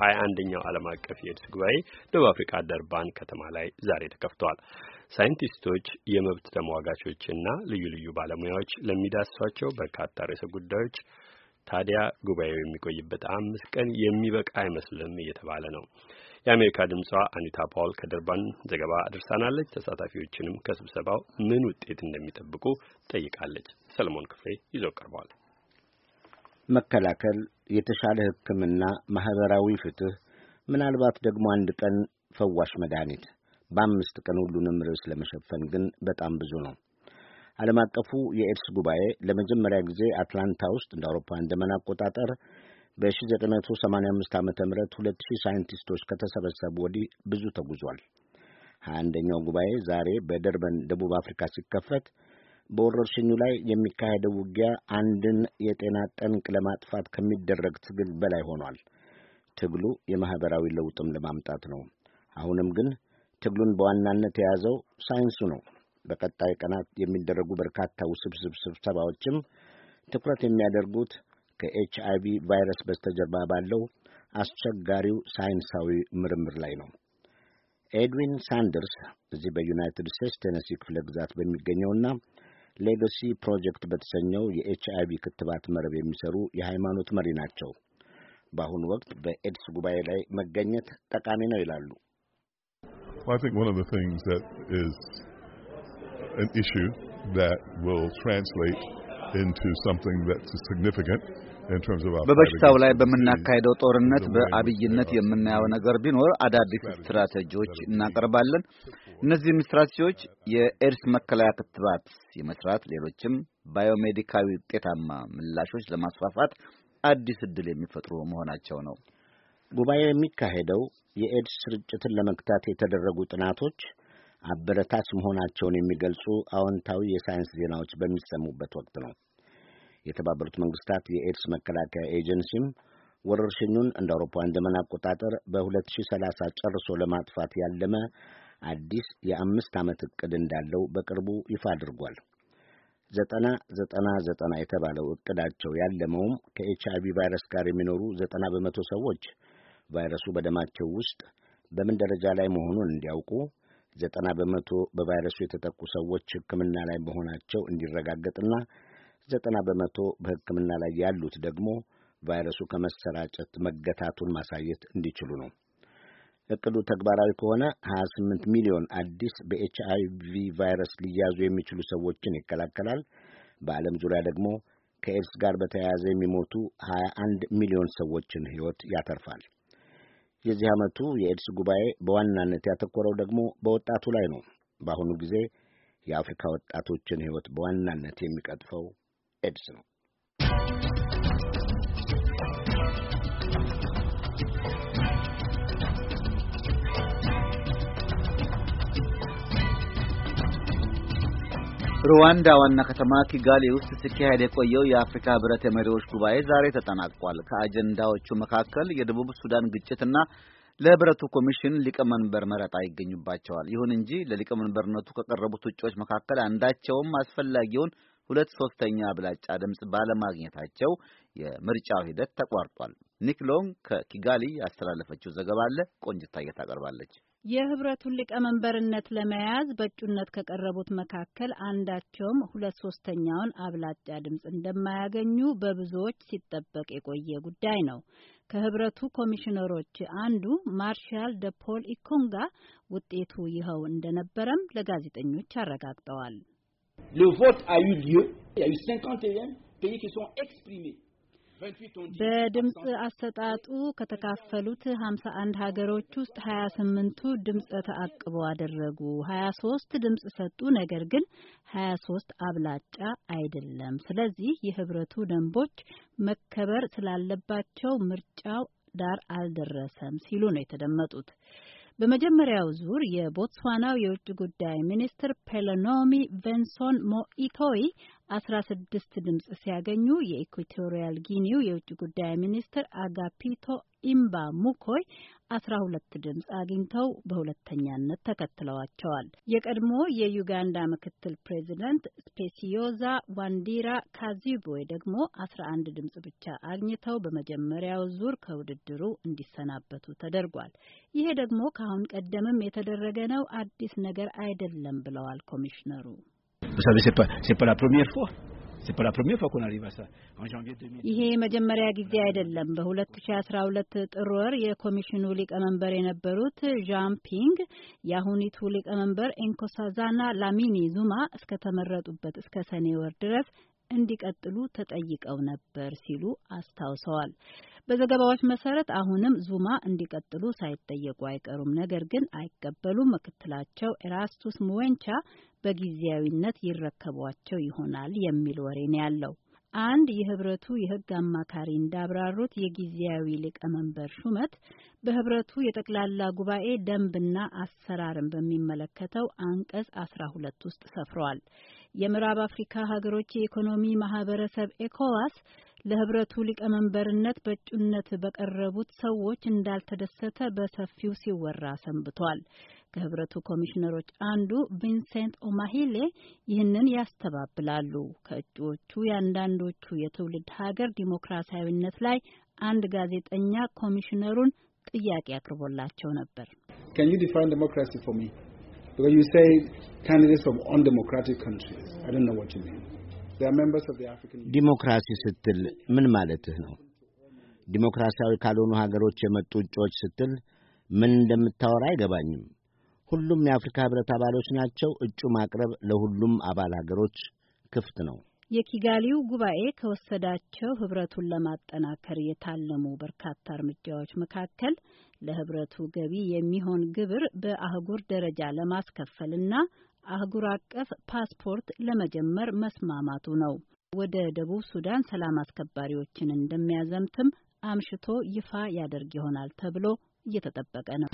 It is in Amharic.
ሀያ አንደኛው ዓለም አቀፍ የኤድስ ጉባኤ ደቡብ አፍሪካ ደርባን ከተማ ላይ ዛሬ ተከፍቷል። ሳይንቲስቶች፣ የመብት ተሟጋቾችና ልዩ ልዩ ባለሙያዎች ለሚዳስሷቸው በርካታ ርዕሰ ጉዳዮች ታዲያ ጉባኤው የሚቆይበት አምስት ቀን የሚበቃ አይመስልም እየተባለ ነው። የአሜሪካ ድምጿ አኒታ ፓውል ከደርባን ዘገባ አድርሳናለች። ተሳታፊዎችንም ከስብሰባው ምን ውጤት እንደሚጠብቁ ጠይቃለች። ሰለሞን ክፍሌ ይዞ ቀርቧል። መከላከል፣ የተሻለ ሕክምና፣ ማህበራዊ ፍትህ፣ ምናልባት ደግሞ አንድ ቀን ፈዋሽ መድኃኒት በአምስት ቀን ሁሉንም ርዕስ ለመሸፈን ግን በጣም ብዙ ነው። ዓለም አቀፉ የኤድስ ጉባኤ ለመጀመሪያ ጊዜ አትላንታ ውስጥ እንደ አውሮፓውያን ዘመን አቆጣጠር በ1985 ዓ ም ሁለት ሳይንቲስቶች ከተሰበሰቡ ወዲህ ብዙ ተጉዟል። ሀያ አንደኛው ጉባኤ ዛሬ በደርበን ደቡብ አፍሪካ ሲከፈት በወረርሽኙ ላይ የሚካሄደው ውጊያ አንድን የጤና ጠንቅ ለማጥፋት ከሚደረግ ትግል በላይ ሆኗል። ትግሉ የማኅበራዊ ለውጥም ለማምጣት ነው። አሁንም ግን ትግሉን በዋናነት የያዘው ሳይንሱ ነው። በቀጣይ ቀናት የሚደረጉ በርካታ ውስብስብ ስብሰባዎችም ትኩረት የሚያደርጉት ከኤች ቪ ቫይረስ በስተጀርባ ባለው አስቸጋሪው ሳይንሳዊ ምርምር ላይ ነው። ኤድዊን ሳንደርስ እዚህ በዩናይትድ ስቴትስ ቴነሲ ክፍለ ግዛት በሚገኘውና ሌጋሲ ፕሮጀክት በተሰኘው የኤች ቪ ክትባት መረብ የሚሰሩ የሃይማኖት መሪ ናቸው። በአሁኑ ወቅት በኤድስ ጉባኤ ላይ መገኘት ጠቃሚ ነው ይላሉ። ን በበሽታው ላይ በምናካሄደው ጦርነት በአብይነት የምናየው ነገር ቢኖር አዳዲስ ስትራቴጂዎች እናቀርባለን። እነዚህም ስትራቴጂዎች uh, የኤድስ መከላያ ክትባት የመስራት ሌሎችም ባዮሜዲካዊ ውጤታማ ምላሾች ለማስፋፋት አዲስ እድል የሚፈጥሩ መሆናቸው ነው። ጉባኤው የሚካሄደው የኤድስ ስርጭትን ለመግታት የተደረጉ ጥናቶች አበረታች መሆናቸውን የሚገልጹ አዎንታዊ የሳይንስ ዜናዎች በሚሰሙበት ወቅት ነው። የተባበሩት መንግስታት የኤድስ መከላከያ ኤጀንሲም ወረርሽኙን እንደ አውሮፓውያን ዘመን አቆጣጠር በ2030 ጨርሶ ለማጥፋት ያለመ አዲስ የአምስት ዓመት እቅድ እንዳለው በቅርቡ ይፋ አድርጓል። ዘጠና ዘጠና ዘጠና የተባለው እቅዳቸው ያለመውም ከኤች አይቪ ቫይረስ ጋር የሚኖሩ ዘጠና በመቶ ሰዎች ቫይረሱ በደማቸው ውስጥ በምን ደረጃ ላይ መሆኑን እንዲያውቁ፣ ዘጠና በመቶ በቫይረሱ የተጠቁ ሰዎች ሕክምና ላይ መሆናቸው እንዲረጋገጥና ዘጠና በመቶ በሕክምና ላይ ያሉት ደግሞ ቫይረሱ ከመሰራጨት መገታቱን ማሳየት እንዲችሉ ነው። እቅዱ ተግባራዊ ከሆነ 28 ሚሊዮን አዲስ በኤች አይ ቪ ቫይረስ ሊያዙ የሚችሉ ሰዎችን ይከላከላል። በዓለም ዙሪያ ደግሞ ከኤድስ ጋር በተያያዘ የሚሞቱ 21 ሚሊዮን ሰዎችን ሕይወት ያተርፋል። የዚህ ዓመቱ የኤድስ ጉባኤ በዋናነት ያተኮረው ደግሞ በወጣቱ ላይ ነው። በአሁኑ ጊዜ የአፍሪካ ወጣቶችን ሕይወት በዋናነት የሚቀጥፈው ኤድስ ነው። ሩዋንዳ ዋና ከተማ ኪጋሊ ውስጥ ሲካሄድ የቆየው የአፍሪካ ህብረት የመሪዎች ጉባኤ ዛሬ ተጠናቋል። ከአጀንዳዎቹ መካከል የደቡብ ሱዳን ግጭትና ለህብረቱ ኮሚሽን ሊቀመንበር መረጣ ይገኙባቸዋል። ይሁን እንጂ ለሊቀመንበርነቱ ከቀረቡት እጩዎች መካከል አንዳቸውም አስፈላጊውን ሁለት ሶስተኛ ብላጫ ድምፅ ባለማግኘታቸው የምርጫው ሂደት ተቋርጧል። ኒክ ሎንግ ከኪጋሊ ያስተላለፈችው ዘገባ አለ ቆንጅታየ ታቀርባለች። የህብረቱን ሊቀመንበርነት ለመያዝ በእጩነት ከቀረቡት መካከል አንዳቸውም ሁለት ሶስተኛውን አብላጫ ድምፅ እንደማያገኙ በብዙዎች ሲጠበቅ የቆየ ጉዳይ ነው። ከህብረቱ ኮሚሽነሮች አንዱ ማርሻል ደፖል ኢኮንጋ ውጤቱ ይኸው እንደነበረም ለጋዜጠኞች አረጋግጠዋል። Le vote a eu lieu. Il y a eu 51 pays qui sont exprimés. በድምፅ አሰጣጡ ከተካፈሉት 51 ሀገሮች ውስጥ 28ቱ ድምፅ ተአቅቦ አደረጉ። 23 ድምፅ ሰጡ፣ ነገር ግን 23 አብላጫ አይደለም። ስለዚህ የህብረቱ ደንቦች መከበር ስላለባቸው ምርጫው ዳር አልደረሰም ሲሉ ነው የተደመጡት። በመጀመሪያው ዙር የቦትስዋናው የውጭ ጉዳይ ሚኒስትር ፔለኖሚ ቬንሶን ሞኢቶይ 16 ድምጽ ሲያገኙ የኢኳቶሪያል ጊኒው የውጭ ጉዳይ ሚኒስትር አጋፒቶ ኢምባ ሙኮይ አስራ ሁለት ድምፅ አግኝተው በሁለተኛነት ተከትለዋቸዋል። የቀድሞ የዩጋንዳ ምክትል ፕሬዚደንት ስፔሲዮዛ ዋንዲራ ካዚቦይ ደግሞ 11 ድምፅ ብቻ አግኝተው በመጀመሪያው ዙር ከውድድሩ እንዲሰናበቱ ተደርጓል። ይሄ ደግሞ ከአሁን ቀደምም የተደረገ ነው፣ አዲስ ነገር አይደለም ብለዋል ኮሚሽነሩ። ይሄ የመጀመሪያ ጊዜ አይደለም። በ2012 ጥር ወር የኮሚሽኑ ሊቀመንበር የነበሩት ዣን ፒንግ የአሁኒቱ ሊቀመንበር ኤንኮሳዛና ላሚኒ ዙማ እስከተመረጡበት እስከ ሰኔ ወር ድረስ እንዲቀጥሉ ተጠይቀው ነበር ሲሉ አስታውሰዋል። በዘገባዎች መሰረት አሁንም ዙማ እንዲቀጥሉ ሳይጠየቁ አይቀሩም። ነገር ግን አይቀበሉም። ምክትላቸው ኤራስቱስ ሙዌንቻ በጊዜያዊነት ይረከቧቸው ይሆናል የሚል ወሬን ያለው። አንድ የህብረቱ የህግ አማካሪ እንዳብራሩት የጊዜያዊ ሊቀመንበር ሹመት በህብረቱ የጠቅላላ ጉባኤ ደንብና አሰራርን በሚመለከተው አንቀጽ አስራ ሁለት ውስጥ ሰፍረዋል። የምዕራብ አፍሪካ ሀገሮች የኢኮኖሚ ማህበረሰብ ኤኮዋስ ለህብረቱ ሊቀመንበርነት በእጩነት በቀረቡት ሰዎች እንዳልተደሰተ በሰፊው ሲወራ ሰንብቷል። ከህብረቱ ኮሚሽነሮች አንዱ ቪንሴንት ኦማሂሌ ይህንን ያስተባብላሉ። ከእጩዎቹ የአንዳንዶቹ የትውልድ ሀገር ዲሞክራሲያዊነት ላይ አንድ ጋዜጠኛ ኮሚሽነሩን ጥያቄ አቅርቦላቸው ነበር። Can ዩ define democracy for me? Because you say candidates ዲሞክራሲ ስትል ምን ማለትህ ነው? ዲሞክራሲያዊ ካልሆኑ ሀገሮች የመጡ እጩዎች ስትል ምን እንደምታወራ አይገባኝም። ሁሉም የአፍሪካ ህብረት አባሎች ናቸው። እጩ ማቅረብ ለሁሉም አባል ሀገሮች ክፍት ነው። የኪጋሊው ጉባኤ ከወሰዳቸው ህብረቱን ለማጠናከር የታለሙ በርካታ እርምጃዎች መካከል ለህብረቱ ገቢ የሚሆን ግብር በአህጉር ደረጃ ለማስከፈልና አህጉር አቀፍ ፓስፖርት ለመጀመር መስማማቱ ነው። ወደ ደቡብ ሱዳን ሰላም አስከባሪዎችን እንደሚያዘምትም አምሽቶ ይፋ ያደርግ ይሆናል ተብሎ እየተጠበቀ ነው።